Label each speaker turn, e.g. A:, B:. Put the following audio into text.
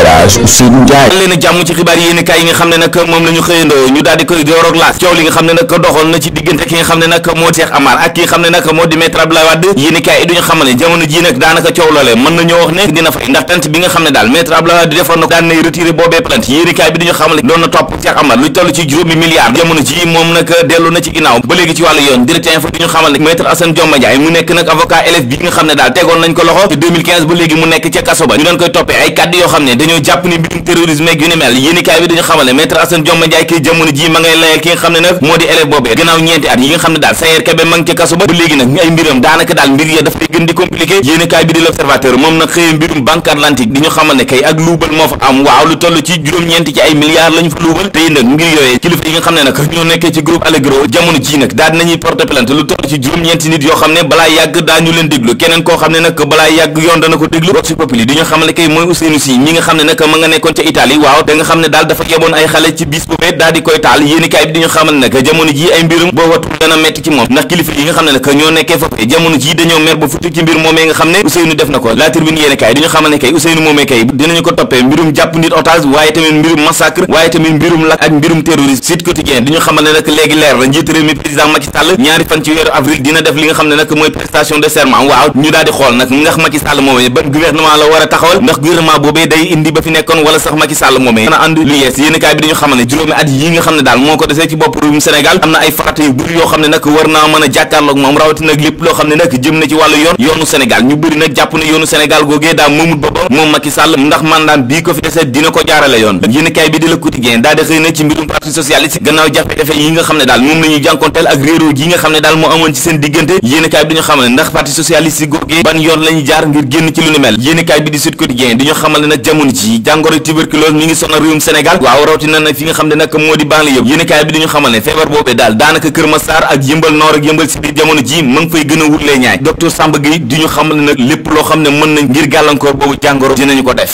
A: élage leen jàmm ci xibaar yéen yi nga xam ne nag moom la ñu xëyandoo ñu daal dellu ci ginnaaw ba léegi ci wàllu yoon direct info duñu xamal ne maître Assane mu nekk nag avocat élève bi nga xam ne daal tegoon nañ ko loxo ba léegi mu nekk ca kaso ñu doon koy toppee ay kàddu yoo xam ne dañoo jàpp ni mbirum terrorisme ak yu ni mel yéenekaay bi dañu xamal ne maître Assane Dioma Ndiaye kay jamono ji nag moo porte plainte lu toll ci juróom-ñeenti nit yoo xam ne balaa yàgg daañu leen déglu keneen koo xam ne nag balaa yàgg yoon dana ko déglu Vox Populi di xamal ne kay mooy Ousseynou Sy xam ne nag ma nga nekkoon ca Italie waaw da nga xam ne daal dafa yeboon ay xale ci bis bu daal di koy taal yéenekaay bi di xamal nga xam ne nag ñoo nekkee foofee jamono ji dañoo mer ba la tribune yéenekaay di ñu xamal ne kay Ousseynou mbirum jàpp na njiit li nga xam ne nag mooy prestation de serment waaw ñu daal di xool nag ndax Macky Sall moomee ban gouvernement la war a taxawal ndax gouvernement boobee day indi ba fi nekkoon wala sax Macky Sall moomee dana ànd yi nga xam ne daal moo ko desee ci bopp réewum Sénégal am na ay farata yu bëri yoo xam ne nag mandaam bii ko fi desee dina ko jaarale yoon yéen bi di Le Quotidien daa di xëy na ci mbirum parti socialiste gannaaw jafe-jafe yi nga xam ne daal moom la ñuy jànkonteel ak réeróo gi nga xam ne daal moo amoon ci seen diggante yéen bi dañu xamal ne ndax parti socialiste googee ban yoon la jaar jamono ji jàngoro tuberculose mi ngi sonal réewum Sénégal waaw rawatina nag fi nga xam ne nag moo di banlieue yëpp yéenekaay bi dañu xamal ne feebar boobee daal daanaka Kër Massar ak yëmbal noor ak yëmbal si biir jamono ji ma ngi fay gën a wutlee ñaay docteur Samba Gueye di xamal nag lépp loo xam ne mën nañ ngir gàllankoor boobu jàngoro dinañu ko def